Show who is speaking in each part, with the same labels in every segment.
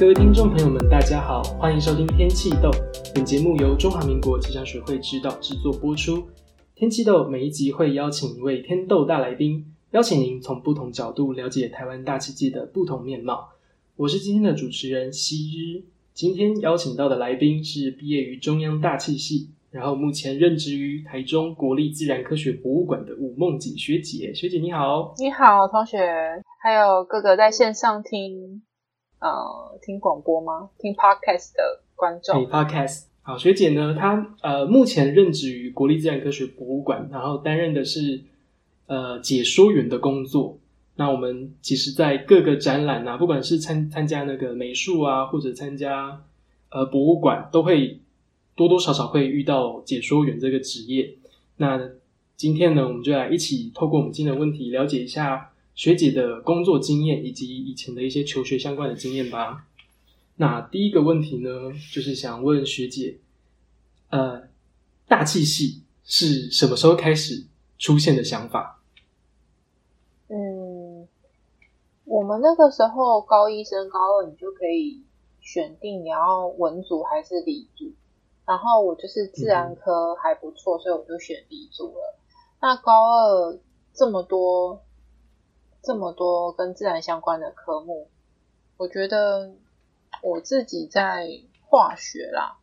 Speaker 1: 各位聽眾朋友們，大家好，歡迎收聽《天氣豆》。本節目由中華民國氣象學會指導制作播出。《天氣豆》每一集會邀請一位天豆大來賓，邀請您從不同角度了解台灣大氣界的不同面貌。我是今天的主持人西日。今天邀請到的來賓是畢業於中央大氣系，然後目前任職於台中國立自然科學博物館的伍孟璟學姐。學姐你好，
Speaker 2: 你好同學，還有哥哥在線上聽。呃，uh, 聽廣播嗎？聽 podcast 的觀眾。hey,
Speaker 1: podcast。好，學姐呢，她呃目前任職於國立自然科學博物館，然後擔任的是呃解說員的工作。那我們其實，在各個展覽啊，不管是參參加那個美術啊，或者參加呃博物館，都會多多少少會遇到解說員這個職業。那今天呢，我們就來一起透過我們今天的問題，了解一下。學姐的工作經驗以及以前的一些求學相關的經驗吧。那第一個問題呢，就是想問學姐，呃，大氣系是什麼時候開始出現的想法？嗯，
Speaker 2: 我們那個時候高一升高二，你就可以選定你要文組還是理組。然後我就是自然科還不錯，所以我就選理組了。那高二這麼多。這麼多跟自然相關的科目，我覺得我自己在化學啦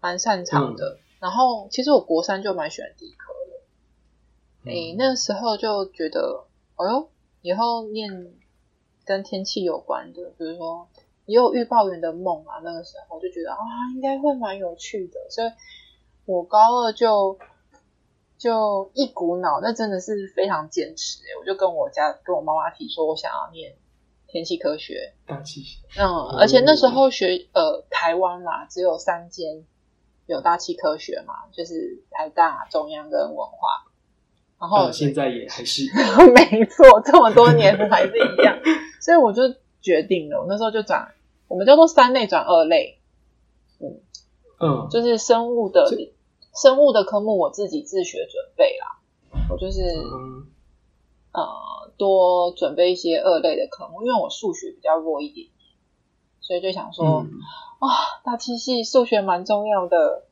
Speaker 2: 蠻擅長的。嗯、然後其實我國三就蠻喜歡地科的。誒、嗯欸，那時候就覺得，哎、哦、呦，以後念跟天氣有關的，比如說也有預報員的夢啊。那個時候就覺得啊，應該會蠻有趣的。所以，我高二就。就一股腦，那真的是非常堅持誒、欸！我就跟我家跟我媽媽提說，我想要念天氣科學、大氣學。嗯，嗯，而且那時候學呃、嗯、台灣啦，只有三間有大氣科學嘛，就是台大、中央跟文化。然後、呃、現在也還是 沒錯，這麼多年還是一樣， 所以我就決定了，我那時候就轉，我們叫做三類轉二類。嗯嗯，就是生物的。生物的科目我自己自學準備啦，我就是、嗯、呃，多準備一些二類的科目，因為我數學比較弱一點，所以就想說啊、嗯哦，大氣系數學蠻重要的，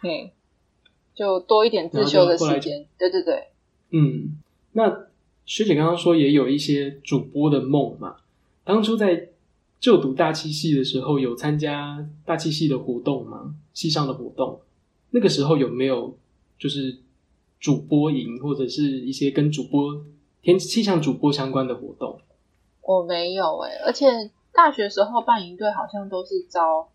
Speaker 2: 對、嗯，就多一點自修的時間，對對對。
Speaker 1: 嗯，那學姐剛剛說也有一些主播的夢嘛，當初在就讀大氣系的時候，有參加大氣系的活動嗎？系上的活動？那個時候有沒有就是主播營或者是一些跟主播天氣氣象主播相關的活動？
Speaker 2: 我沒有哎、欸，而且大學時候辦營隊好像都是招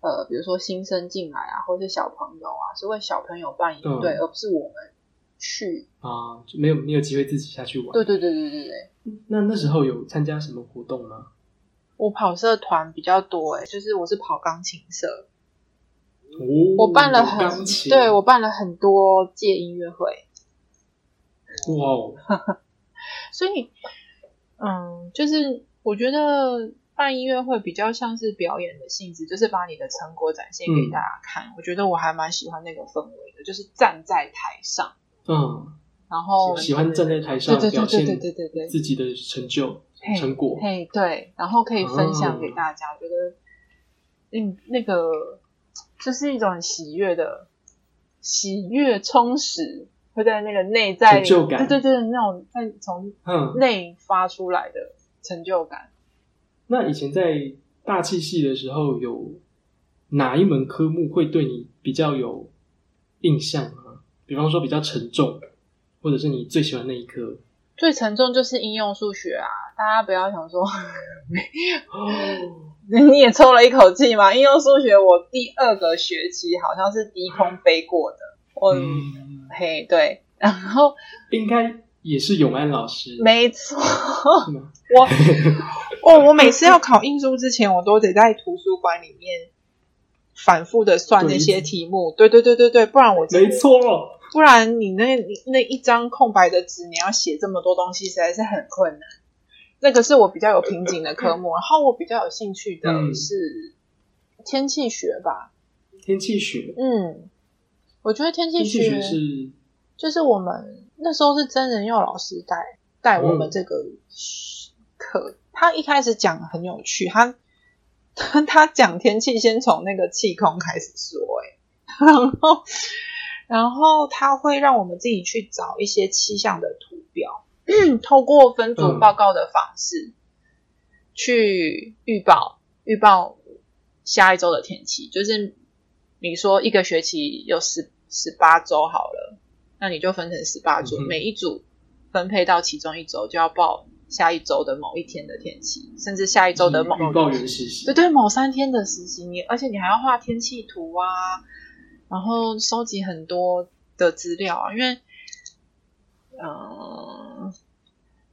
Speaker 2: 呃，比如說新生進來啊，或者是小朋友啊，是為小朋友辦營隊，嗯、而不是我們去啊就
Speaker 1: 沒，沒有沒有機會自己下去玩。對
Speaker 2: 對對對對對。那那時
Speaker 1: 候有參加什麼活動嗎？
Speaker 2: 我跑社團比較多哎、欸，就是我是跑鋼琴社。
Speaker 1: 哦、我辦了很，
Speaker 2: 對我辦了很多屆音樂會，
Speaker 1: 哇
Speaker 2: 哦！ 所以，嗯，就是我覺得辦音樂會比較像是表演的性質，就是把你的成果展現給大家看。嗯、我覺得我還蠻喜歡那個氛圍的，就是站在台上，嗯，然後喜歡站在台上表現、嗯、對對對對對對，對
Speaker 1: 自己的成就嘿成果，嘿，
Speaker 2: 對，然後可以分享給大家。啊、我覺得，嗯，那個。就是一種很喜悅的喜悅，充實會在那個內在成就感，對對對，那種在從內發出來的成就感。嗯、
Speaker 1: 那以前在大氣系的時候，有哪一門科目會對你比較有印象啊？比方說比較沉重，或者是你最喜歡那一科？
Speaker 2: 最沉重就是應用數學啊。大家不要想說， 你也抽了一口氣嘛，應用數學我第二個學期好像是低空飛過的，我、嗯、嘿，對，然後應該
Speaker 1: 也是永安老師，
Speaker 2: 沒錯。我是嗎 我，我，我每次要考印書之前，我都得在圖書館裡面反覆的算那些題目。對的對對對對，不然我沒錯，不然你那你那一張空白的紙，你要寫這麼多東西，實在是很困難。那個是我比較有瓶頸的科目，然後我比較有興趣的是天氣學吧。嗯、
Speaker 1: 天氣學，
Speaker 2: 嗯，我覺得天氣學，學是，就是我們那時候是真人用老師帶帶我們這個課，嗯、他一開始講得很有趣，他他講天氣先從那個氣空開始說，欸，然後然後他會讓我們自己去找一些氣象的圖表。嗯、透過分組報告的方式，嗯、去預報預報下一周的天氣，就是你說一個學期有十十八周好了，那你就分成十八組，嗯、哼每一組分配到其中一周就要報下一周的某一天的天氣，甚至下一周的某、嗯、預報實習對對,對某三天的實習，而且你還要畫天氣圖啊，然後收集很多的資料啊，因為嗯。呃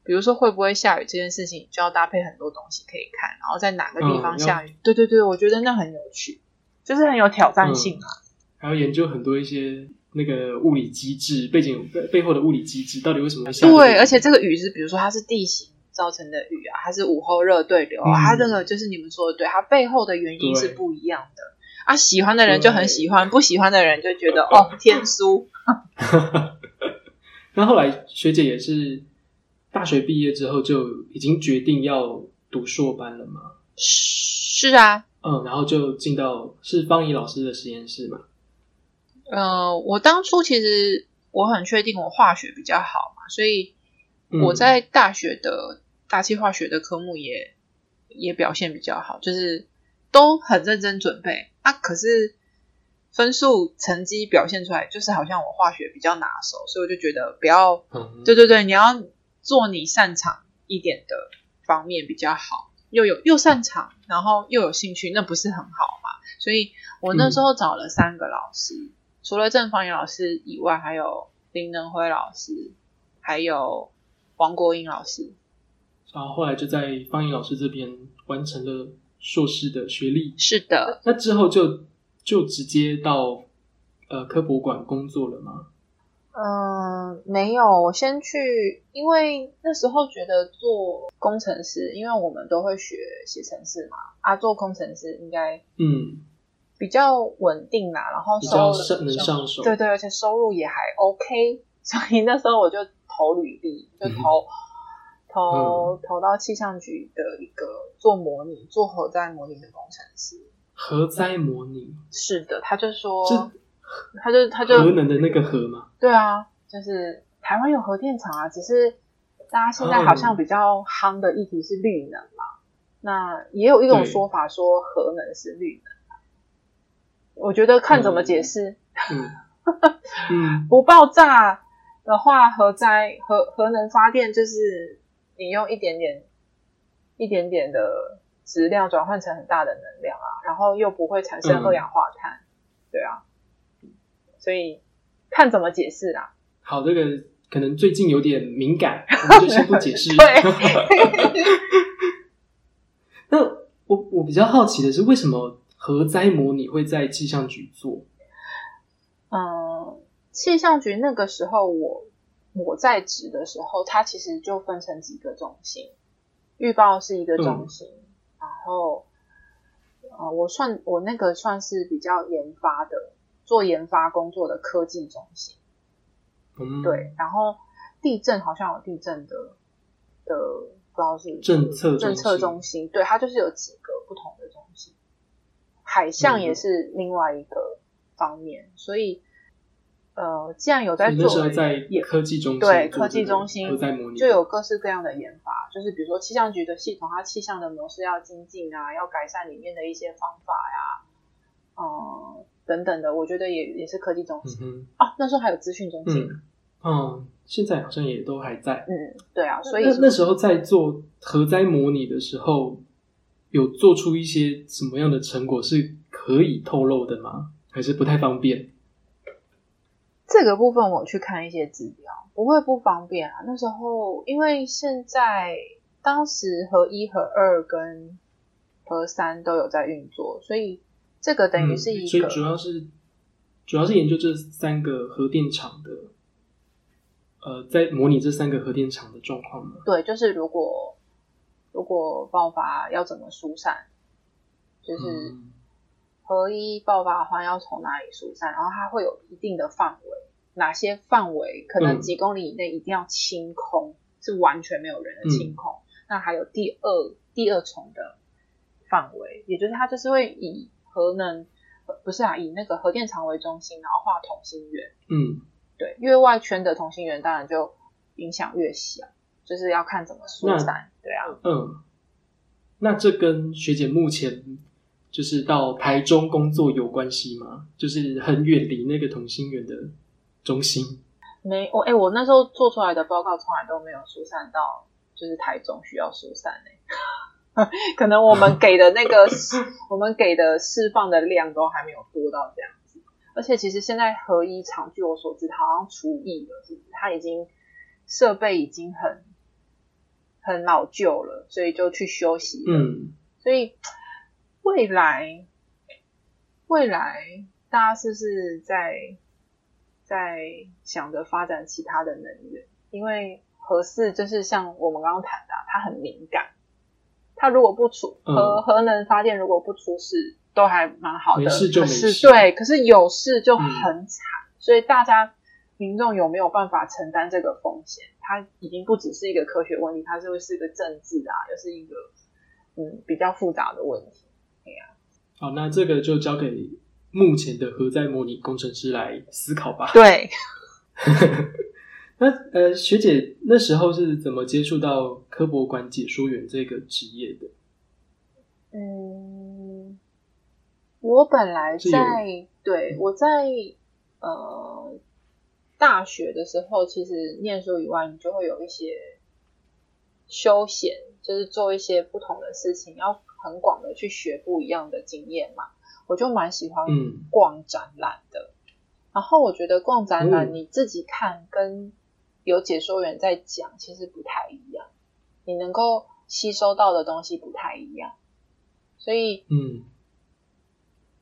Speaker 2: 比如說會不會下雨這件事情，就要搭配很多東西可以看，然後在哪個地方下雨？嗯、對對對，我覺得那很有趣，就是很有挑戰性啊。嗯、
Speaker 1: 還要研究很多一些那個物理機制，背景背後的物理機制到底為什麼下雨？對，而
Speaker 2: 且這個雨是，比如說它是地形造成的雨啊，還是午後熱對流啊？它、嗯啊、這個就是你們說的對，對它背後的原因是不一樣的對啊。喜歡的人就很喜歡，對不喜歡的人就覺得 哦天書。
Speaker 1: 那後來學姐也是。大學畢業之後就已經決定要讀碩班了嗎？
Speaker 2: 是啊，
Speaker 1: 嗯，然後就進到是方怡老師的實驗室嘛。
Speaker 2: 呃，我當初其實我很確定我化學比較好嘛，所以我在大學的大氣化學的科目也、嗯、也表現比較好，就是都很認真準備啊。可是分數成績表現出來，就是好像我化學比較拿手，所以我就覺得不要，嗯、對對對，你要。做你擅長一點的方面比較好，又有又擅長，然後又有興趣，那不是很好嗎？所以我那時候找了三個老師，嗯、除了鄭方穎老師以外，還有林能輝老師，還有王國英老師。
Speaker 1: 然後後來就在方穎老師這邊完成了碩士的學歷。是的。那之後就就直接到呃科博館工作了
Speaker 2: 嗎？嗯，沒有，我先去，因為那時候覺得做工程師，因為我們都會學寫程式嘛，啊，做工程師應該嗯比較穩定嘛，嗯、然後收入比較能上手，對對，而且收入也還 OK，所以那時候我就投履歷，就投、嗯、投、嗯、投到氣象局的一個做模擬做核災模擬的工程師，
Speaker 1: 核災模擬，
Speaker 2: 是的，他就說。他就他就核能的那個核嘛，對啊，就是台灣有核電廠啊。只是大家現在好像比較夯的議題是綠能嘛，嗯、那也有一種說法說核能是綠能對 我覺得看怎麼解釋。
Speaker 1: 嗯、 不
Speaker 2: 爆炸的話，核災核核能發電就是你用一點點一點點的質量轉換成很大的能量啊，然後又不會產生二氧化碳。嗯、對啊。所以看怎麼解釋啦，
Speaker 1: 啊。好，這個可能最近有點敏感。 我們就先不解釋。 對 那，那我我比較好奇的是，為什麼核災模擬會在氣象局做？嗯，
Speaker 2: 氣象局那個時候我我在職的時候，它其實就分成幾個中心，預報是一個中心，嗯、然後、呃、我算我那個算是比較研發的。做研發工作的科技中心，嗯、對，然後地震好像有地震的的，不知道是政策政策中心，對，它就是有幾個不同的中心，海象也是另外一個方面，嗯、所以呃，既然有在做在
Speaker 1: 科技中心，對，科技中心就有，就有
Speaker 2: 各式各樣的研發，就是比如說氣象局的系統，它氣象的模式要精進啊，要改善裡面的一些方法呀、啊，嗯。等等的，我覺得也也是科技中心哦、嗯哼啊。那時候還有資訊中心嗯，嗯，
Speaker 1: 現在好像也都還在。嗯，對啊。所以是是那，那時候在做核災模擬的時候，有做出一些什麼樣的成果是可以透露的嗎？還是不太方便？
Speaker 2: 這個部分我去看一些資料，不會不方便啊。那時候因為現在當時核一、核二跟核三都有在運作，所以。這個等於是一個，嗯、所以主
Speaker 1: 要是主要是研究這三個核電廠的、呃，在模擬這三個核電廠的狀況嗎？
Speaker 2: 對，就是如果如果爆發要怎麼疏散，就是核一爆發的話要從哪裡疏散，嗯、然後它會有一定的範圍，哪些範圍可能幾公里以內一定要清空，嗯、是完全沒有人的清空。嗯、那還有第二第二重的範圍，也就是它就是會以，核能不是啊，以那個核電廠為中心，然後畫同心圓。嗯，對，越外圈的同心圓當然就影響越小，就是要看怎麼疏散。那對啊，
Speaker 1: 嗯，那這跟學姐目前就是到台中工作有關係嗎？就是很遠離那個同心圓的中心？
Speaker 2: 沒，我、哦、誒、欸，我那時候做出來的報告從來都沒有疏散到，就是台中需要疏散，欸 可能我們給的那個， 我們給的釋放的量都還沒有多到這樣子，而且其實現在核一廠，據我所知，好像除役了，是不是？它已經設備已經很很老舊了，所以就去休息了。嗯，所以未來未來大家是不是在在想着發展其他的能源？因為核四就是像我們剛剛談的、啊，它很敏感。它如果不出核核能發電，如果不出事，嗯、都還蠻好的。沒事就沒事，是對，嗯、可是有事就很慘。嗯、所以大家民眾有沒有辦法承擔這個風險？它已經不只是一個科學問題，它就會是一個政治啊，又是一個嗯比較複雜的問題。呀、
Speaker 1: 啊。好，那這個就交給目前的核在模擬工程師來思考吧。對。 那、啊、呃，學姐那時候是怎麼接觸到科博館解說員這個職業的？嗯，
Speaker 2: 我本來在有，對，我在呃大學的時候，其實念書以外，你就會有一些休閒，就是做一些不同的事情，要很廣的去學不一樣的經驗嘛。我就蠻喜歡逛展覽的，嗯、然後我覺得逛展覽、嗯、你自己看跟有解說員在講，其實不太一樣，你能夠吸收到的東西不太一樣，所以嗯，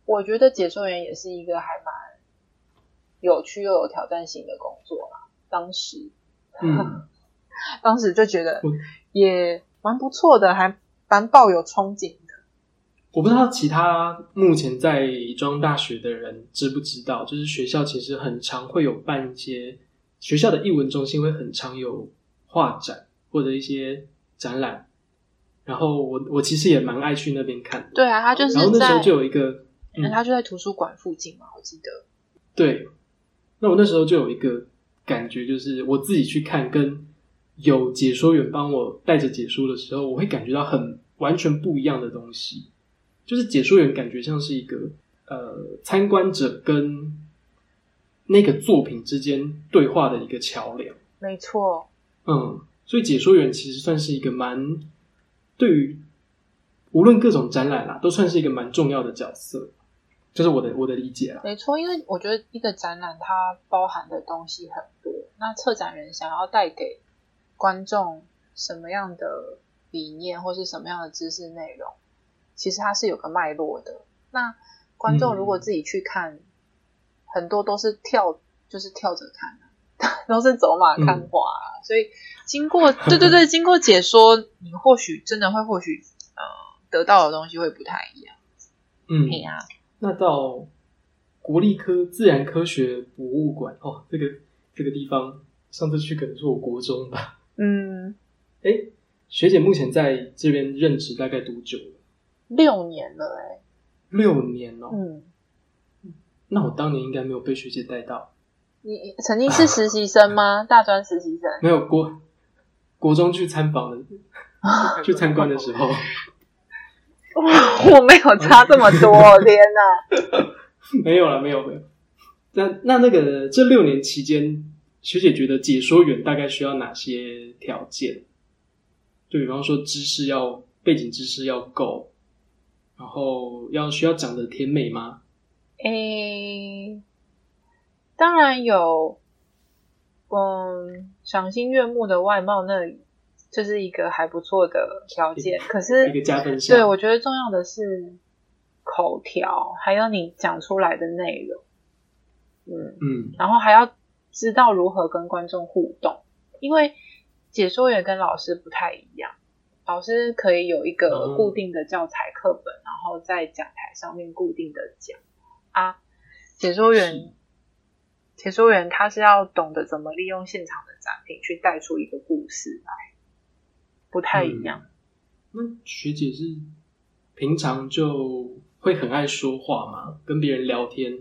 Speaker 2: 我覺得解說員也是一個還蠻有趣又有挑戰性的工作嘛。當時，嗯、 當時就覺得也蠻不錯的，還蠻抱有憧憬的。
Speaker 1: 我不知道其他目前在宜莊大學的人知不知道，就是學校其實很常會有辦一些。學校的藝文中心會很常有畫展或者一些展覽，然後我我其實也蠻愛去那邊看的。對
Speaker 2: 啊，他就是。然後那時候就有一個，嗯、他就在圖書館附近嘛，我記得。
Speaker 1: 對，那我那時候就有一個感覺，就是我自己去看跟有解說員幫我帶着解說的時候，我會感覺到很完全不一樣的東西，就是解說員感覺像是一個呃參觀者跟。那個作品之間對話的一個橋樑，沒錯。嗯，所以解說員其實算是一個蠻對於無論各種展覽啦，都算是一個蠻重要的角色，這、就是我的我的理解啦。
Speaker 2: 沒錯，因為我覺得一個展覽它包含的東西很多，那策展人想要帶給觀眾什麼樣的理念或是什麼樣的知識內容，其實它是有個脈絡的。那觀眾如果自己去看、嗯。很多都是跳，就是跳着看，都是走馬看花、啊。嗯、所以經過，對對對，經過解說， 你或許真的會或許，或、嗯、許得到的東西會不太一樣。
Speaker 1: 嗯，對啊。那到國立科自然科學博物館哦，這個這個地方，上次去可能是我國中吧。嗯。
Speaker 2: 誒、欸、
Speaker 1: 學姐目前在這邊任職大概多久了？
Speaker 2: 六年了、欸，
Speaker 1: 誒六年哦。嗯。那我當年應該沒有被學姐帶到。
Speaker 2: 你曾經是實習生嗎？ 大專實習生？
Speaker 1: 沒有國國中去參訪的， 去參觀的時候。 我沒有差
Speaker 2: 這麼多，天哪、啊
Speaker 1: 沒有了，沒有沒有。那那那個這六年期間，學姐覺得解說員大概需要哪些條件？就比方說知識要背景知識要夠，然後要需要講的甜美嗎？
Speaker 2: 誒、欸，當然有，嗯，賞心悅目的外貌，那這是一個還不錯的條件。欸、可是，一個加分項。對，我覺得重要的是口條，還有你講出來的內容。嗯嗯。然後還要知道如何跟觀眾互動，因為解說員跟老師不太一樣。老師可以有一個固定的教材課本，嗯、然後在講臺上面固定的講。啊，解說員，是解說員他是要懂得怎麼利用現場的展品去帶出一個故事來，
Speaker 1: 不
Speaker 2: 太一樣。
Speaker 1: 那、嗯嗯、學姐是平常就會很愛說話嘛，跟別人聊天，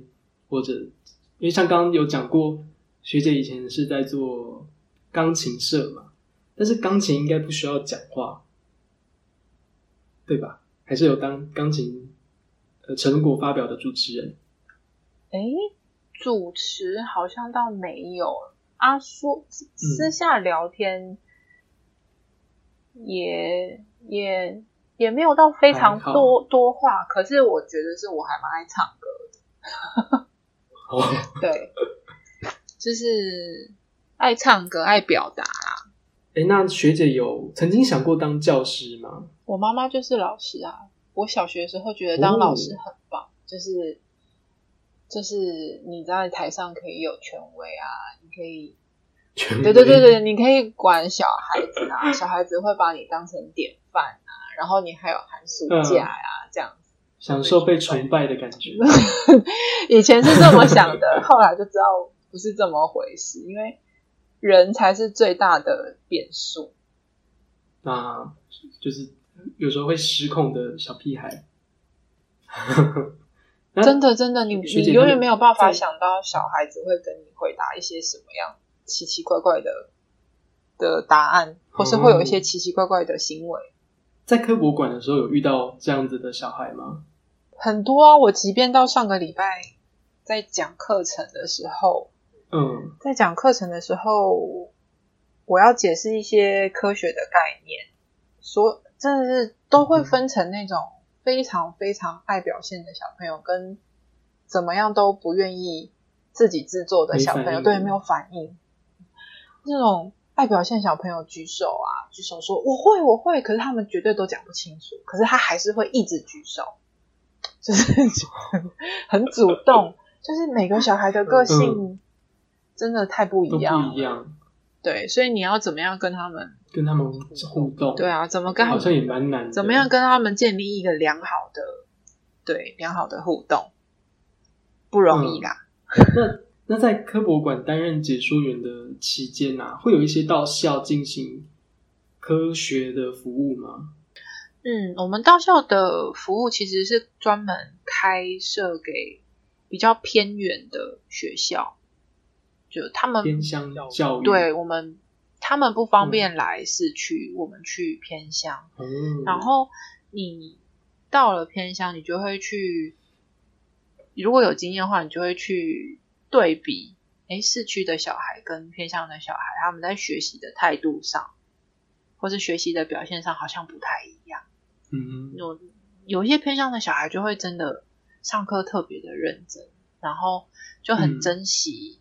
Speaker 1: 或者因為像剛剛有講過，學姐以前是在做鋼琴社嘛，但是鋼琴應該不需要講話，對吧？還是有當鋼琴呃成果發表的主持人？
Speaker 2: 哎，主持好像倒沒有，阿、啊、叔私下聊天也、嗯、也也沒有到非常多好多話，可是我覺得是我還蠻愛唱歌的， 哦、對，就是愛唱歌愛表達啦。
Speaker 1: 哎，那學姐有曾經想過當教師嗎？
Speaker 2: 我媽媽就是老師啊，我小學時候覺得當老師很棒，哦、就是。就是你在台上可以有權威啊，你可以，權威，對對對對，你可以管小孩子啊，小孩子會把你當成典範啊，然後你還有寒暑假呀，嗯、這樣子，
Speaker 1: 享受被崇拜的感覺。
Speaker 2: 以前是這麼想的， 後來就知道不是這麼回事，因為人才是最大的變數。
Speaker 1: 那就是有時候會失控的小屁孩。
Speaker 2: 啊、真的，真的，你你永遠沒有辦法想到小孩子會跟你回答一些什麼樣奇奇怪怪怪的的答案，或是會有一些奇奇怪怪怪的行為。嗯、
Speaker 1: 在科博館的時候，有遇到這樣子的小孩嗎？
Speaker 2: 很多啊，我即便到上個禮拜在講課程的時候，嗯，在講課程的時候，我要解釋一些科學的概念，所真的是都會分成那種。非常非常愛表現的小朋友，跟怎麼樣都不願意自己製作的小朋友，對，沒有反應。那種愛表現小朋友舉手啊，舉手說我會我會，可是他們絕對都講不清楚，可是他還是會一直舉手，就是很主動。 就是每個小孩的個性真的太不一樣，不一樣。對，所以你要怎麼樣跟他們？
Speaker 1: 跟他們互動、嗯，對啊，
Speaker 2: 怎麼跟好像也蠻難的，怎麼樣跟他們建立一個良好的，
Speaker 1: 對，良好的互動不容易啦。嗯、那那在科博館擔任解說員的期間啊，會有一些到校進行科學的服務嗎？
Speaker 2: 嗯，我們到校的服務其實是專門開設給比較偏遠的學校，就他們偏向教育，對我們。他們不方便來市區，我們去偏鄉。嗯、然後你到了偏鄉，你就會去，如果有經驗的話，你就會去對比。哎，市區的小孩跟偏鄉的小孩，他們在學習的態度上，或是學習的表現上，好像不太一樣。嗯，嗯，有有一些偏鄉的小孩就會真的上課特別的認真，然後就很珍惜，嗯、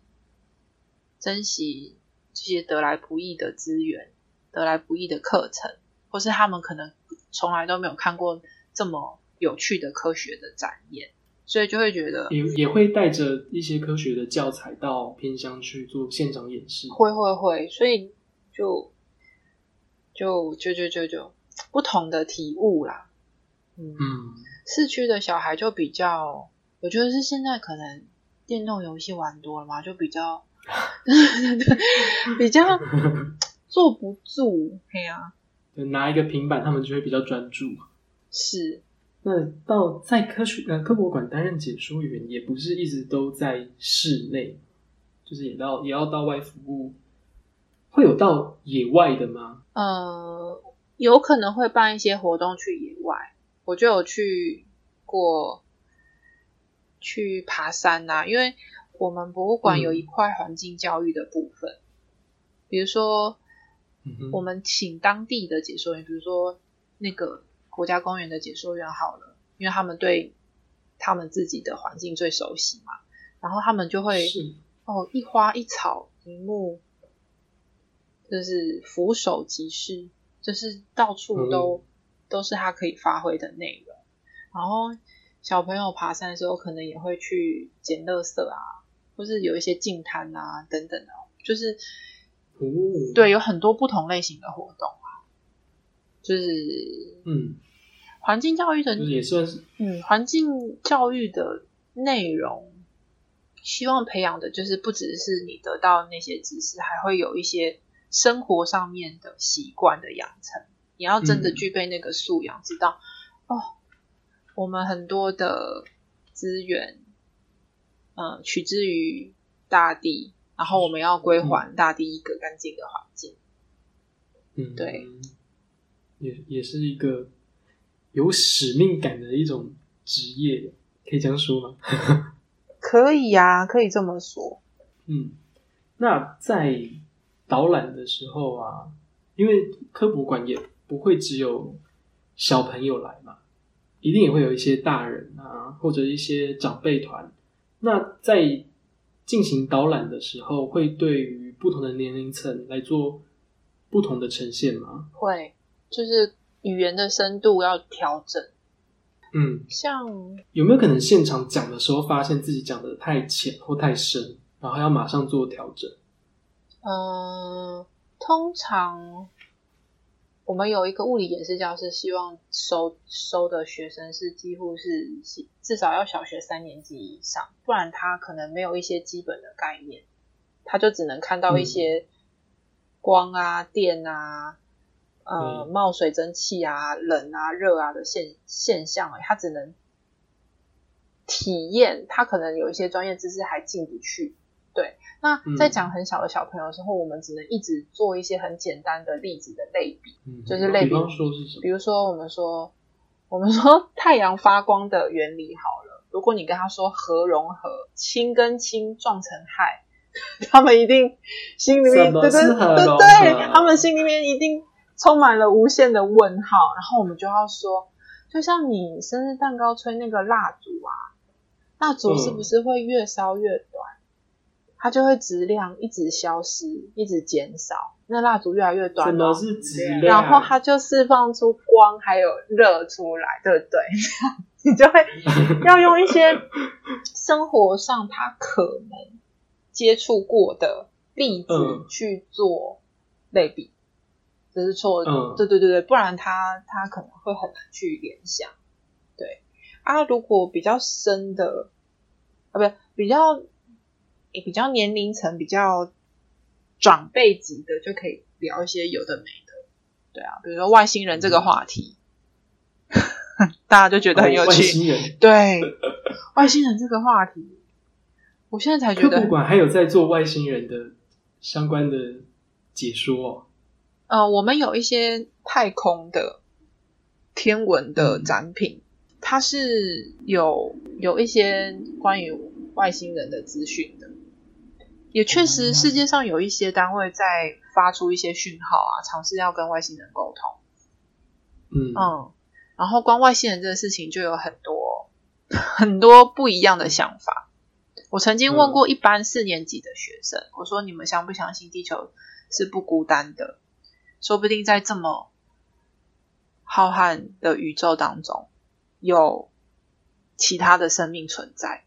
Speaker 2: 珍惜。這些得來不易的資源，得來不易的課程，或是他們可能從來都沒有看過這麼有趣的科學的展演，所以就會覺得也，也
Speaker 1: 會帶着一些科學的教材，到偏鄉去做現場演示。會
Speaker 2: 會會，所以就就就就就就，就不同的體悟啦。嗯，嗯，市區的小孩就比較，我覺得是現在可能電動遊戲玩多了嘛，就比較。對對對， 比較坐不住，哎呀，
Speaker 1: 拿一個平板，他們就會比較專注。
Speaker 2: 是，那到在科學，呃，科
Speaker 1: 博館擔任解說員，也不是一直都在室內，就是也到也要到外服務，會有到野外的嗎？
Speaker 2: 呃，有可能會辦一些活動去野外，我就有去過，去爬山吶、啊，因為。我們博物館有一塊環境教育的部分，嗯、比如說，嗯、哼我們請當地的解說員，比如說那個國家公園的解說員好了，因為他們對他們自己的環境最熟悉嘛，然後他們就會是哦一花一草一木，就是俯拾即是，就是到處都、嗯、都是他可以發揮的內容。然後小朋友爬山的時候，可能也會去撿垃圾啊。或是有一些淨灘啊等等的，就是，哦、對，有很多不同類型的活動啊，就是嗯，環境教育的嗯，環境教育的內容，希望培養的就是不只是你得到那些知識，還會有一些生活上面的習慣的養成。你要真的具備那個素養，嗯、知道哦，我們很多的資源。呃、嗯，取之於大地，然後我們要歸還大地一個乾淨的環境。
Speaker 1: 嗯，對，也也是一個有使命感的一種職業，可以這樣說嗎？
Speaker 2: 可以呀、啊，可以這麼說。嗯，
Speaker 1: 那在導覽的時候啊，因為科博館也不會只有小朋友來嘛，一定也會有一些大人啊，或者一些長輩團。那在進行導覽的時候，會對於不同的年齡層來做不同的呈現嗎？
Speaker 2: 會，就是語言的深度要調整。嗯，像
Speaker 1: 有沒有可能現場講的時候，發現自己講的太淺或太深，然後要馬上做調整？嗯、
Speaker 2: 呃，通常。我們有一個物理演示教室，希望收收的學生是幾乎是至少要小學三年級以上，不然他可能沒有一些基本的概念，他就只能看到一些光啊、嗯、電啊、呃、嗯、冒水蒸氣啊、冷啊、熱啊的現現象，他只能體驗，他可能有一些專業知識還進不去。對，那在講很小的小朋友的時候，嗯、我們只能一直做一些很簡單的例子的類比，嗯、就是類比，比，比如說我們說，我們說太陽發光的原理好了。如果你跟他說核融合，氫跟氫撞成氦，他們一定心裡面、啊、對對對，他們心裡面一定充滿了無限的問號。然後我們就要說，就像你生日蛋糕吹那個蠟燭啊，蠟燭是不是會越燒越短？嗯它就會質量一直消失，一直減少，那蠟燭越來越短。什麼是
Speaker 1: 質量？然後它
Speaker 2: 就釋放出光還有熱出來，對不對？ 你就會要用一些生活上他可能接觸過的例子去做類比，嗯、這是錯的。嗯、對對對對，不然他他可能會很難去聯想。對啊，如果比較深的啊，不比較。比較年齡層比較長輩級的，就可以聊一些有的沒的，對啊，比如說外星人這個話題，嗯、 大家就覺得很有趣。哦、外星人，對 外星人這個話題，我現在才覺得，不管還有
Speaker 1: 在做外星人的相關的解說。哦。
Speaker 2: 呃，我們有一些太空的、天文的展品，它是有有一些關於外星人的資訊的。也確實，世界上有一些單位在發出一些訊號啊，嘗試要跟外星人溝通。嗯嗯，然後關於外星人這個事情，就有很多很多不一樣的想法。我曾經問過一班四年級的學生，嗯、我說：“你們相不相信地球是不孤單的？說不定在這麼浩瀚的宇宙當中，有其他的生命存在。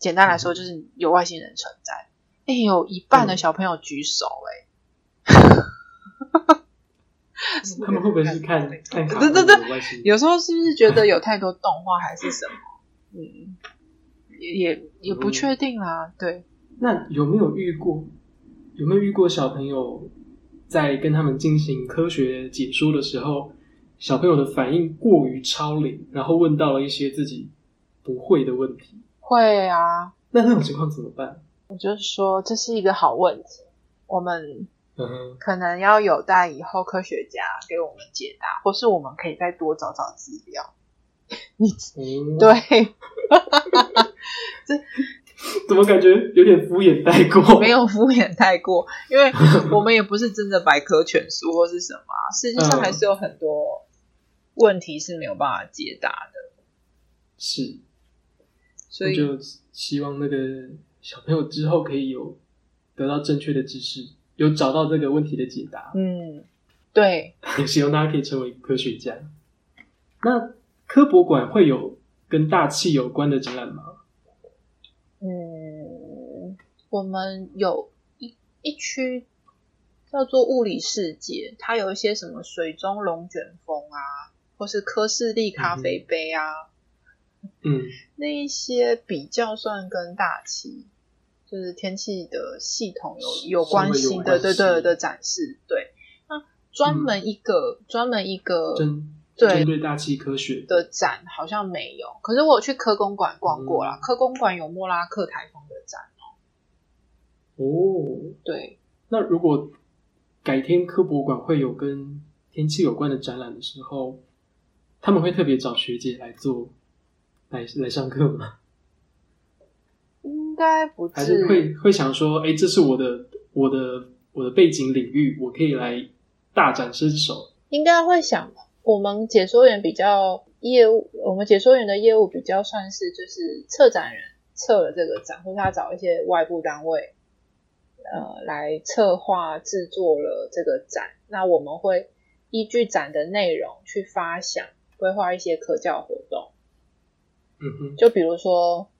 Speaker 2: 簡單來說，就是有外星人存在。嗯”欸、有一半的小朋友舉手欸。嗯、 他們會不會是看？對對對，有時候是不是覺得有太多動畫還是什麼？唉嗯，也也不確定啦。嗯、對，那有沒有遇過？
Speaker 1: 有沒有遇過小朋友在跟他們進行科學解說的時候，小朋友的反應過於超齡，然後問到了一些自己不會的問題？
Speaker 2: 會啊、嗯。那那種
Speaker 1: 情況怎麼辦？嗯
Speaker 2: 我就是說，這是一個好問題。我們可能要有待以後科學家給我們解答，或是我們可以再多找找資料。你、嗯、對，
Speaker 1: 這怎麼感覺有點敷衍帶過？
Speaker 2: 沒有敷衍帶過，因為我們也不是真的百科全書或是什麼。實際上還是有很多問題是沒有辦法解答的。是，所以我就
Speaker 1: 希望那個。小朋友之後可以有得到正確的知識，有找到這個問題的解答。嗯，
Speaker 2: 對，
Speaker 1: 也希望大家可以成為科學家。那科博館會有跟大氣有關的展覽嗎？嗯，
Speaker 2: 我們有一一區叫做物理世界，它有一些什麼水中龍捲風啊，或是科氏力咖啡杯啊。嗯嗯，那一些比較算跟大氣，就是天氣的系統有有關係的，對對對的展示。對，那專門一個嗯、專門一個對、針對
Speaker 1: 大氣科學的
Speaker 2: 展好像沒有。可是我去科工館逛過了，嗯、科工館有莫拉克台風的展哦。
Speaker 1: 哦，對。那如果改天科博館會有跟天氣有關的展覽的時候，他們會特別找學姐來做。來來上課嗎？
Speaker 2: 應該不是，還是會
Speaker 1: 會想說，哎，這是我的我的我的背景領域，我可以來大展身手。
Speaker 2: 應該會想吧，我們解說員比較業務，我們解說員的業務比較算是就是策展人策了這個展，或者他找一些外部單位，呃，來策劃製作了這個展。那我們會依據展的內容去發想，規劃一些科教活動。嗯 就比如說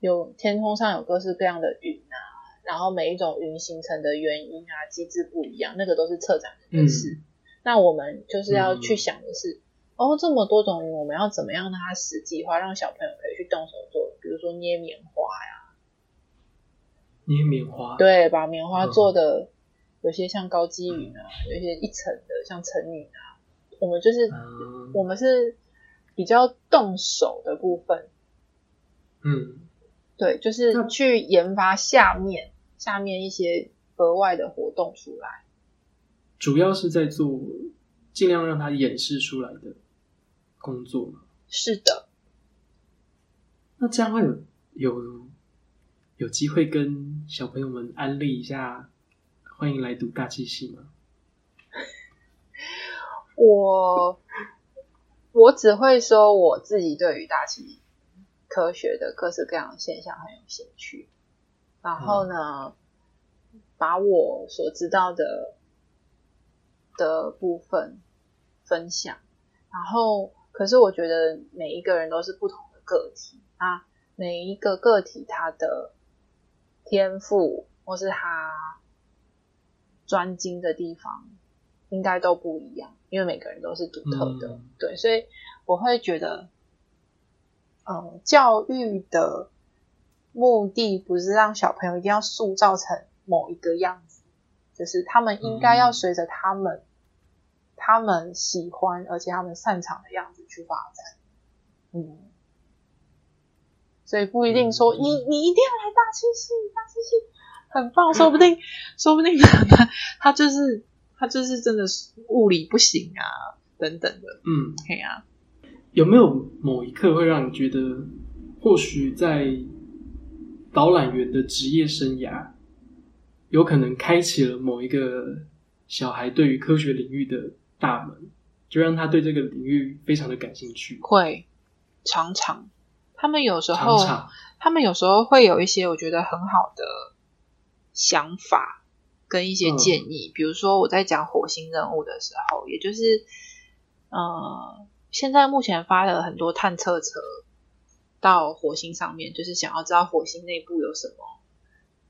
Speaker 2: 有天空上有各式各樣的雲啊，然後每一種雲形成的原因啊、機制不一樣，那個都是策展的意思，嗯、那我們就是要去想的是，嗯、哼哦，這麼多種雲，我們要怎麼樣讓它實際化，讓小朋友可以去動手做，比如說捏棉花呀、啊，捏棉花，對，把棉花做的有些像高積雲啊，嗯、有一些一層的像層雲啊，我們就是，嗯、我們是。比較動手的部分，嗯，對，就是去研發下面那下面一些額外的活動出來，
Speaker 1: 主要是在做儘量讓它演示出來的工作嘛。是的，那這樣會有有有機會跟小朋友們安利一下，歡迎來讀大氣系嗎？
Speaker 2: 我。我只會說我自己對於大氣科學的各式各樣的現象很有興趣，然後呢，嗯、把我所知道的的部分分享。然後，可是我覺得每一個人都是不同的個體啊，每一個個體他的天賦或是他專精的地方應該都不一樣。因為每個人都是獨特的，嗯、對，所以我會覺得，嗯，教育的目的不是讓小朋友一定要塑造成某一個樣子，就是他們應該要隨着他們、嗯、他們喜歡而且他們擅長的樣子去發展，嗯，所以不一定說、嗯、你你一定要來大提琴，大提琴很棒，說不定，嗯、說不定 他就是。他這是真的是物理不行啊，等等的。嗯，可以啊。
Speaker 1: 有沒有某一刻會讓你覺得，或許在導覽員的職業生涯，有可能開啟了某一個小孩對於科學領域的大門，就讓他對這個領域非常的感興趣？
Speaker 2: 會，常常，他們有時候，常常他們有時候會有一些我覺得很好的想法。跟一些建議，嗯、比如說我在講火星任務的時候，也就是，呃、嗯，現在目前發了很多探測車到火星上面，就是想要知道火星內部有什麼，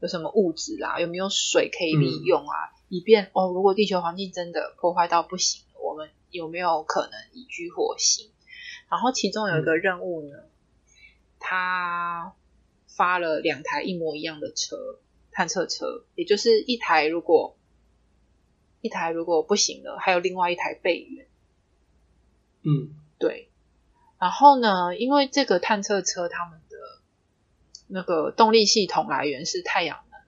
Speaker 2: 有什麼物質啦，有沒有水可以利用啊，嗯，以便哦，如果地球環境真的破壞到不行，我們有沒有可能移居火星？然後其中有一個任務呢，他、嗯、發了兩台一模一樣的車。.探測車，也就是一台，如果一台如果不行了，還有另外一台備援，嗯，對。然後呢，因為這個探測車他們的那個動力系統來源是太陽能，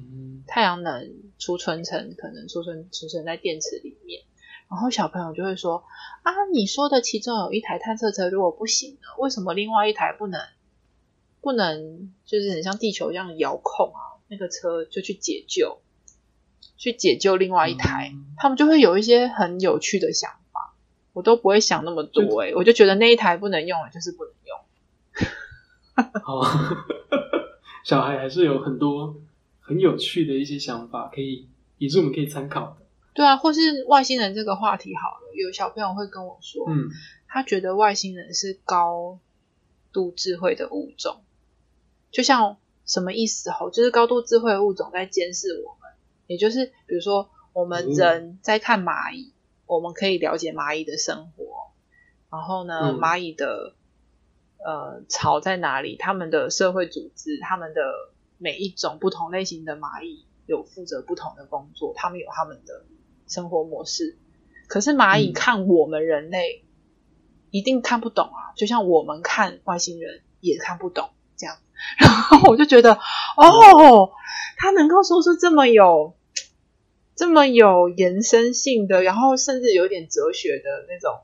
Speaker 2: 嗯，太陽能儲存成可能儲存儲存，存在電池裡面。然後小朋友就會說：“啊，你說的其中有一台探測車如果不行了，為什麼另外一台不能？”不能就是很像地球一樣遙控啊，那個車就去解救，去解救另外一台，嗯、他們就會有一些很有趣的想法，我都不會想那麼多誒、欸，就是、我就覺得那一台不能用了就是不能用。
Speaker 1: 哈 哈、好啊，小孩還是有很多很有趣的一些想法，可以也是我們可以參考的。
Speaker 2: 對啊，或是外星人這個話題好了，有小朋友會跟我說，嗯，他覺得外星人是高度智慧的物種。就像什麼意思吼？就是高度智慧物種在監視我們，也就是比如說我們人在看螞蟻，嗯、我們可以了解螞蟻的生活。然後呢，嗯、螞蟻的呃巢在哪裡？他們的社會組織，他們的每一種不同類型的螞蟻有負責不同的工作，他們有他們的生活模式。可是螞蟻看我們人類，嗯、一定看不懂啊！就像我們看外星人也看不懂。 然後我就覺得，哦，他能夠說出這麼有、這麼有延伸性的，然後甚至有點哲學的那種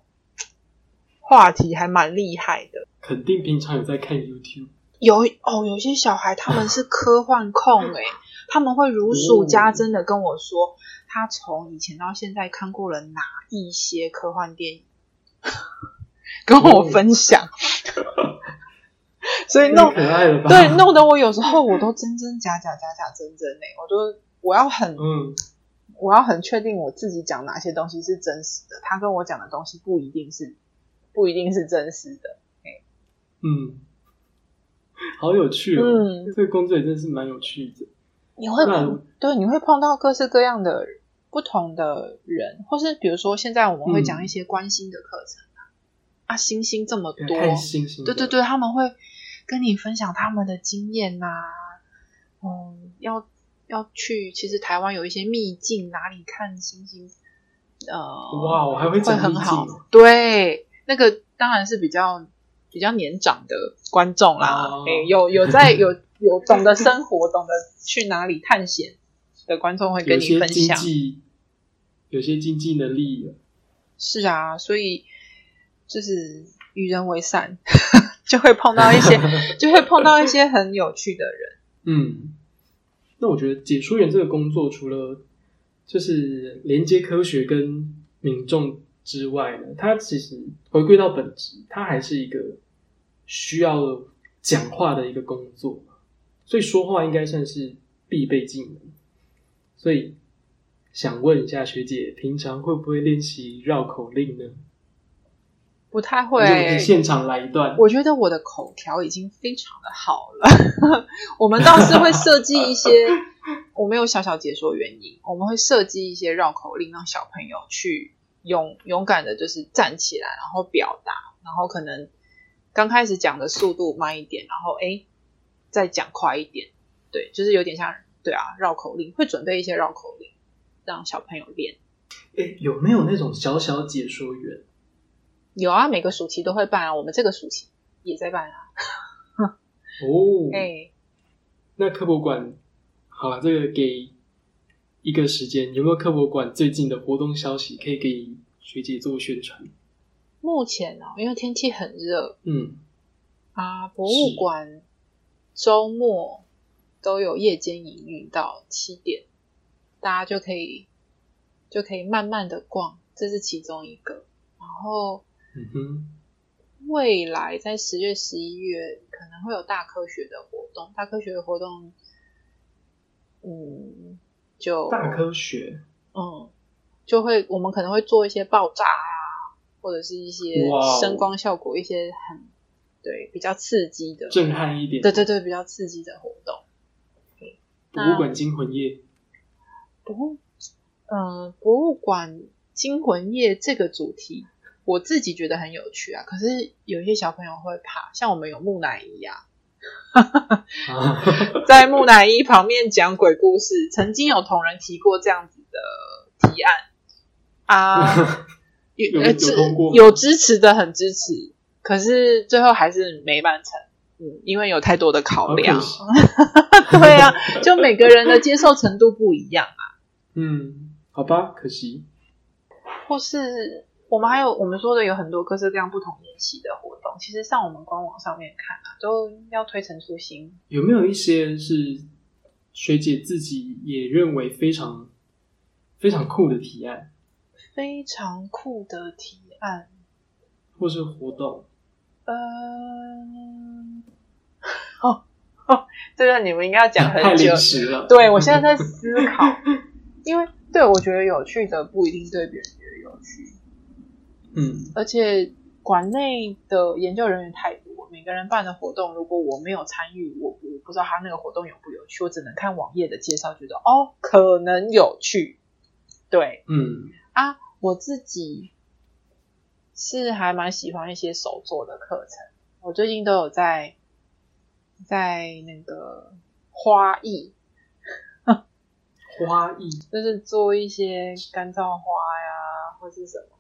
Speaker 2: 話題，還蠻厲害的。
Speaker 1: 肯定平常有在看 YouTube。
Speaker 2: 有哦，有些小孩他們是科幻控誒， 他們會如數家珍的跟我說，他從以前到現在看過了哪一些科幻電影，跟我分享。 所以弄對弄得我有時候我都真真假假假假真真哎、欸，我都我要很嗯，我要很確定我自己講哪些東西是真實的。他跟我講的東西不一定是不一定是真實的。哎、
Speaker 1: 欸，嗯，好有趣、哦，嗯，這個工作也真是蠻有趣的。
Speaker 2: 你會但對你會碰到各式各樣的不同的人，或是比如說現在我們會講一些觀星的課程啊，嗯、啊，星星這麼多，星星，對對對，他們會。跟你分享他們的經驗啊，嗯，要要去，其實台灣有一些秘境，哪裡看星星，呃，哇，我還會會很好，對，那個當然是比較比較年長的觀眾啦，oh. 誒，有有在有有懂得生活， 懂得去哪裡探險的觀眾會跟你分享，有些
Speaker 1: 經濟，有些經濟能力，
Speaker 2: 是啊，所以就是與人為善。 就會碰到一些， 就會碰到一些很有趣的人。
Speaker 1: 嗯，那我覺得解說員這個工作，除了就是連接科學跟民眾之外呢，它其實回歸到本質，它還是一個需要講話的一個工作，所以說話應該算是必備技能。所以想問一下學姐，平常會不會練習繞口令呢？
Speaker 2: 不太會，現場來一段？我覺得我的口條已經非常的好了。 我們倒是會設計一些， 我沒有小小解說原因，我們會設計一些繞口令，讓小朋友去勇勇敢的，就是站起來，然後表達，然後可能剛開始講的速度慢一點，然後哎再講快一點。對，就是有點像對啊繞口令，會準備一些繞口令讓小朋友練。誒，
Speaker 1: 有沒有那種小小解說員？
Speaker 2: 有啊，每個暑期都會辦啊，我們這個暑期也在辦啊。
Speaker 1: 哦，哎、欸，那科博館好了，啊，這個給一個時間，有沒有科博館最近的活動消息可以給學姐做宣傳？
Speaker 2: 目前啊、哦，因為天氣很熱，嗯，啊，博物館周末都有夜間營運到七點，是大家就可以就可以慢慢的逛，這是其中一個，然後。嗯哼，未來在十月、十一月可能會有大科學的活動，大科學的活動，嗯，就大科學，嗯，就會我們可能會做一些爆炸啊，或者是一些聲光效果，Wow 一些很對比較刺激的震撼一點，對對對，比較刺激的活動。Okay, 博物館驚魂夜，博嗯、呃，博物館驚魂夜這個主題。我自己覺得很有趣啊，可是有些小朋友會怕，像我們有木乃伊啊，哈哈啊在木乃伊旁邊講鬼故事，曾經有同仁提過這樣子的提案啊，有支持的很支持，可是最後還是沒辦成，嗯，因為有太多的考量，哈哈，對啊，就每個人的接受程度不一樣啊，嗯，
Speaker 1: 好吧，可惜，
Speaker 2: 或是。我們還有我們說的有很多各式各樣不同年級的活動，其實上我們官網上面看啊，都要推陳出新。
Speaker 1: 有沒有一些是學姐自己也認為非常非常酷的提案？
Speaker 2: 非常酷的提案，
Speaker 1: 提案或是活動？嗯、呃，哦
Speaker 2: 哦，對啊，你們應該要講很久。了對，我現在在思考， 因為對我覺得有趣的不一定對別人有趣。嗯，而且館內的研究人員太多，每個人辦的活動，如果我沒有參與，我我不知道他那個活動有不有趣，我只能看網頁的介紹，覺得哦，可能有趣。對，嗯啊，我自己是還蠻喜歡一些手作的課程，我最近都有在在那個花藝，花藝，就是做一些乾燥花呀，或是什麼。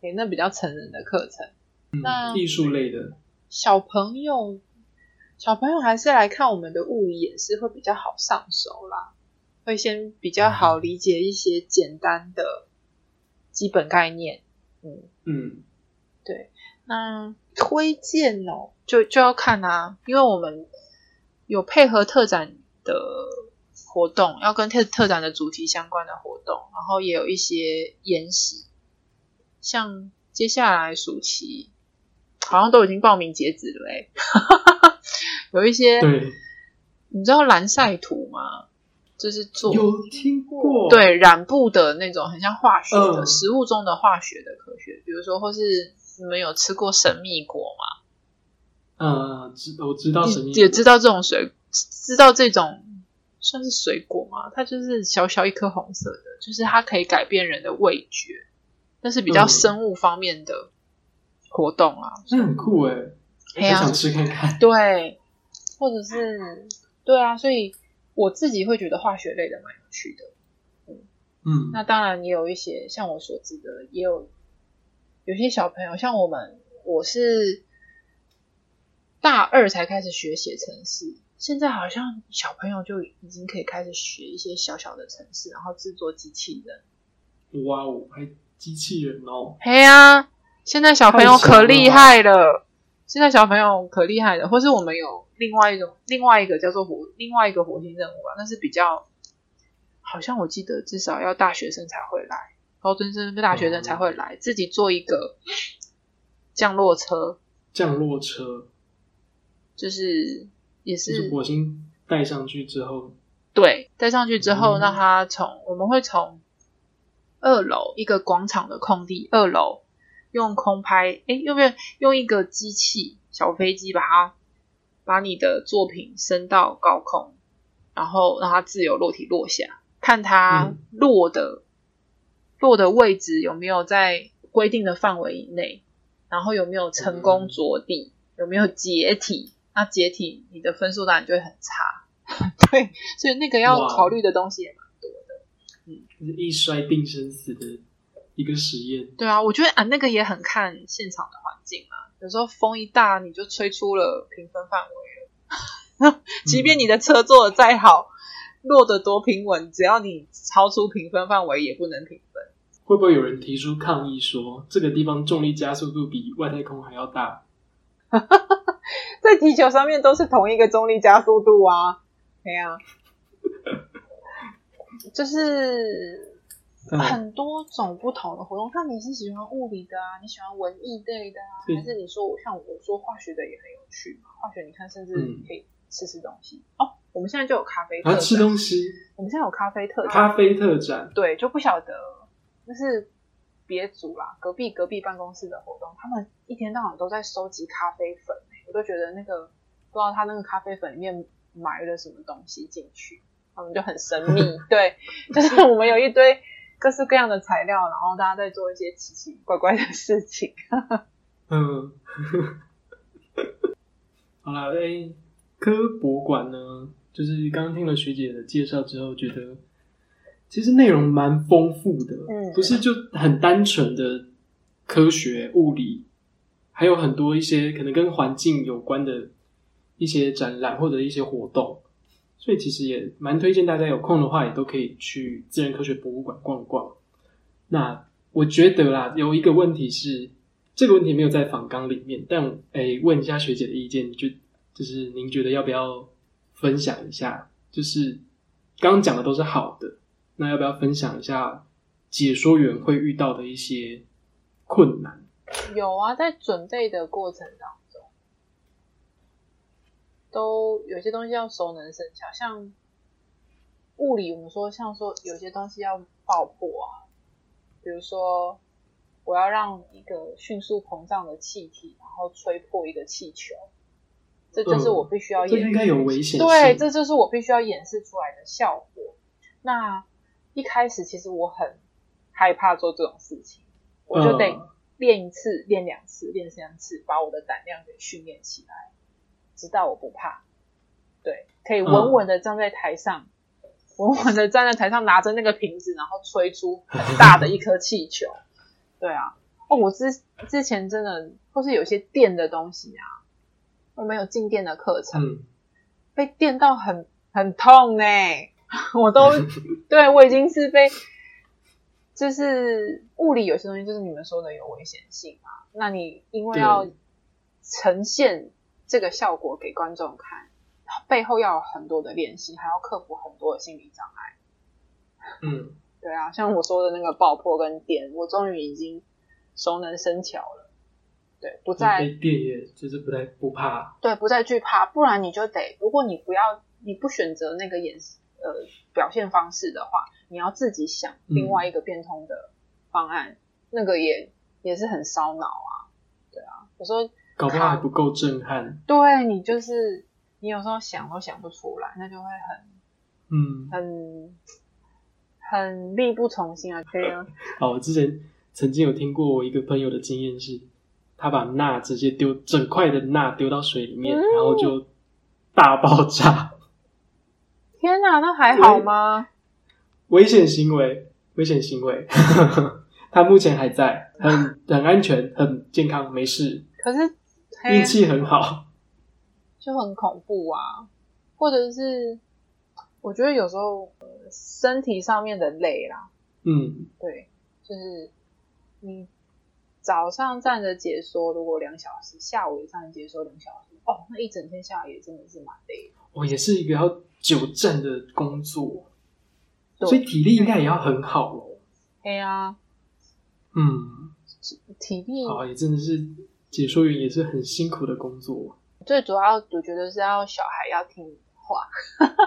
Speaker 2: 哎、欸，那比較成人的課程，嗯、那藝術類的，小朋友，小朋友還是來看我們的物理演示會比較好上手啦，會先比較好理解一些簡單的基本概念。嗯嗯，對，那推薦哦，就就要看啊，因為我們有配合特展的活動，要跟特特展的主題相關的活動，然後也有一些研習。像接下來暑期，好像都已經報名截止了欸， 有一些對，你知道藍曬圖嗎？就是做有聽過對染布的那種，很像化學的，嗯、食物中的化學的科學。比如說，或是你們有吃過神秘果嗎？嗯，
Speaker 1: 知我知道神秘果也
Speaker 2: 知道這種水，知道這種算是水果嗎？它就是小小一顆紅色的，就是它可以改變人的味覺。但是比較生物方面的活動啊，這、嗯以嗯、很酷誒、欸。很、啊、想吃看看。對，或者是對啊，所以我自己會覺得化學類的蠻有趣的。嗯，嗯那當然也有一些像我所知的，也有有些小朋友，像我們，我是大二才開始學寫程式，現在好像小朋友就已經可以開始學一些小小的程式，然後制作機器人。哇我拍機器人哦！嘿呀， 現在小朋友可厲害了。了現在小朋友可厲害了，或是我們有另外一種另外一個叫做“火”另外一個火星任務啊，那是比較好像我記得至少要大學生才會來，高中生跟大學生才會來、嗯、自己做一個降落車。
Speaker 1: 降落車
Speaker 2: 就是也是火
Speaker 1: 星帶上去之後，
Speaker 2: 對，帶上去之後，讓他從、嗯、我們會從。二樓一個廣場的空地，二樓用空拍，誒，用不用用一個機器小飛機把它把你的作品升到高空，然後讓它自由落體落下，看它落的、嗯、落的位置有沒有在規定的範圍以內，然後有沒有成功着地，嗯、有沒有解體？那解體你的分數當然就會很差。 對，所以那個要考慮的東西。
Speaker 1: 就是一摔定生死的一個實驗。
Speaker 2: 對啊，我覺得啊，那個也很看現場的環境啊。有時候風一大，你就吹出了評分範圍了 即便你的車做的再好，嗯、落得多平穩，只要你超出評分範圍，也不能評分。
Speaker 1: 會不會有人提出抗議說，這個地方重力加速度比外太空還要大？
Speaker 2: 在地球上面都是同一個重力加速度啊，對啊。就是很多種不同的活動，像、嗯、你是喜歡物理的啊，你喜歡文藝類的啊，是還是你說我像我說化學的也很有趣嘛？化學你看甚至可以吃吃東西、嗯、哦。我們現在就有咖啡特、啊，吃東西。我們現在有咖啡特展、咖啡特展，對，就不曉得，那是別組啦。隔壁隔壁辦公室的活動，他們一天到晚都在收集咖啡粉、欸、我都覺得那個，不知道他那個咖啡粉裡面埋了什麼東西進去。他們就很神秘，對， 就是我們有一堆各式各樣的材料，然後大家在做一些奇奇怪怪的事情。 嗯，
Speaker 1: 好啦，哎、欸，科博館呢，就是剛聽了學姐的介紹之後，覺得其實內容蠻豐富的，嗯，不是就很單純的科學、物理，還有很多一些可能跟環境有關的一些展覽或者一些活動。所以其實也蠻推薦大家有空的話，也都可以去自然科學博物館逛逛。那我覺得啦，有一個問題是，這個問題沒有在訪綱裡面，但誒問一下學姐的意見，就就是您覺得要不要分享一下？就是剛剛講的都是好的，那要不要分享一下解說員會遇到的一些困
Speaker 2: 難？有啊，在準備的過程當中。都有些東西要熟能生巧，像物理，我們說像說有些東西要爆破啊，比如說我要讓一個迅速膨脹的氣體，然後吹破一個氣球，這就是我必須要演、呃，這應該有危險，對，這就是我必須要演示出來的效果。那一開始其實我很害怕做這種事情，我就得練一次、呃、練兩次、練三次，把我的膽量給訓練起來。知道我不怕，對，可以穩穩的站在台上，嗯、穩穩的站在台上，拿着那個瓶子，然後吹出很大的一顆氣球。嗯、對啊，哦，我之之前真的，或是有些電的東西啊，我沒有靜電的課程，嗯、被電到很很痛呢。我都，對，我已經是被，就是物理有些東西，就是你們說的有危險性啊。那你因為要呈現，這個效果給觀眾看，背後要有很多的練習，還要克服很多的心理障礙。嗯，對啊，像我說的那個爆破跟電，我終於已經熟能生巧了。對，不再被
Speaker 1: 電，也就是不再不怕。
Speaker 2: 對，不再懼怕，不然你就得，如果你不要，你不選擇那個演，呃，表現方式的話，你要自己想另外一個變通的方案，嗯、那個也也是很燒腦啊。對啊，我說
Speaker 1: 搞不好還不夠震撼。
Speaker 2: 對，你就是你有時候想都想不出來，那就會很嗯很很力不從心啊，可以
Speaker 1: 啊好，我之前曾經有聽過我一個朋友的經驗是，他把鈉直接丟整塊的鈉丟到水裡面，嗯、然後就大爆炸。
Speaker 2: 天哪、啊，那還好嗎？
Speaker 1: 危險行為，危險行為呵呵。他目前還在，很很安全，很健康，沒事。
Speaker 2: 可是。運氣 Hey, 很
Speaker 1: 好，
Speaker 2: 就很恐怖啊！或者是，我覺得有時候、呃、身體上面的累啦，嗯，對，就是，你早上站着解說如果兩小時，下午也站着解說兩小時，哦，那一整天下來也真的是蠻累的。
Speaker 1: 哦，也是一個要久站的工作，對所以體力應該也要很好嘍。
Speaker 2: 對、嗯、啊，嗯體，體力好、哦、
Speaker 1: 也真的是。解說員也是很辛苦的工作，
Speaker 2: 最主要我覺得是要小孩要聽話，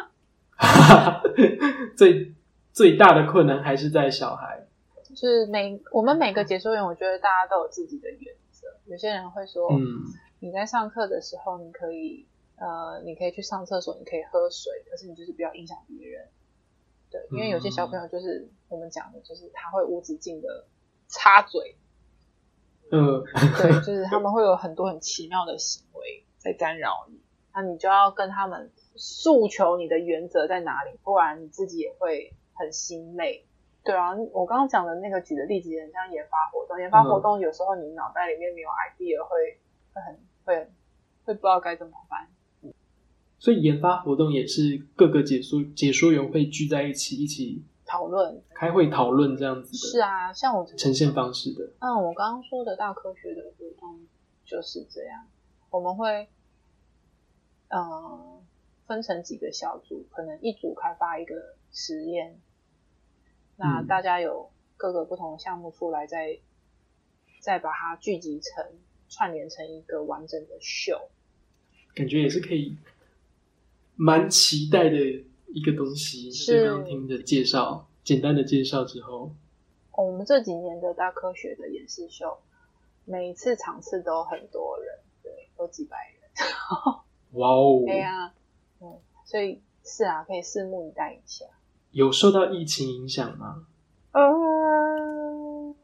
Speaker 1: 最最大的困難還是在小孩。就
Speaker 2: 是每我們每個解說員，我覺得大家都有自己的原則。有些人會說，嗯，你在上課的時候，你可以呃，你可以去上廁所，你可以喝水，可是你就是不要影響別人。對，因為有些小朋友就是、嗯、我們講的，就是他會無止境的插嘴。 對，就是他們會有很多很奇妙的行為在干擾你，那你就要跟他們訴求你的原則在哪裡，不然你自己也會很心累。對啊，我剛剛講的那個舉的例子很像研發活動，研發活動有時候你腦袋裡面沒有 idea，會會很會會不知道該怎麼辦。
Speaker 1: 所以研發活動也是各個解說解說員會聚在一起一起，討論，開會討論這樣子
Speaker 2: 的、嗯。是啊，像我、這個、呈
Speaker 1: 現方式的。
Speaker 2: 嗯，我剛剛說的大科學的活動就是這樣，我們會嗯、呃、分成幾個小組，可能一組開發一個實驗，
Speaker 1: 那大
Speaker 2: 家有各個不同的項目出來再，再、嗯、再把它聚集成串聯成一個完整的秀，
Speaker 1: 感覺也是可以蠻期待的。一個東西，是剛剛聽着介紹，簡單的介紹之後、
Speaker 2: 哦，我們這幾年的大科學的演示秀，每一次場次都很多人，對，都幾百人。
Speaker 1: 哇哦！哎呀，
Speaker 2: 嗯，所以是啊，可以拭目以待一下。
Speaker 1: 有受到疫情影響嗎？嗯，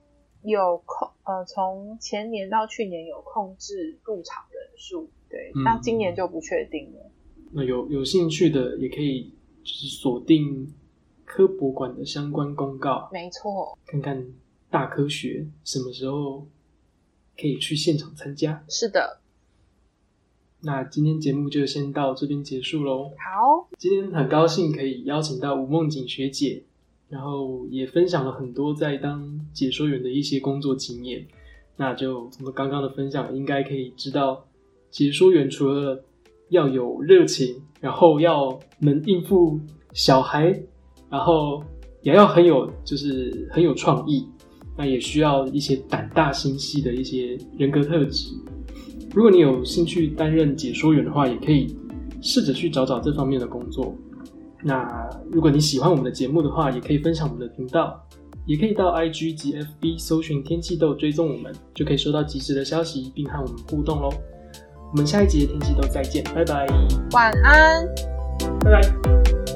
Speaker 2: 有控，呃，從前年到去年有控制入場人數，對，那、嗯、今年就不確定了。
Speaker 1: 那有有興趣的也可以。就是鎖定科博館的相關公告，
Speaker 2: 沒錯，
Speaker 1: 看看大科學什麼時候可以去現場參加。是的，那今天節目就先到這邊結束嘍。好，今天很高興可以邀請到伍孟璟學姐，然後也分享了很多在當解說員的一些工作經驗。那就從剛剛的分享，應該可以知道，解說員除了要有熱情，然後要能應付小孩，然後也要很有，就是很有創意。那也需要一些膽大心細的一些人格特質。如果你有興趣擔任解說員的話，也可以試着去找找這方面的工作。那如果你喜歡我們的節目的話，也可以分享我們的頻道，也可以到 IG 及 FB 搜尋“天氣豆”，追蹤我們，就可以收到即時的消息，並和我們互動嘍。我們下一集的天氣都再見，拜拜，
Speaker 2: 晚安，拜拜。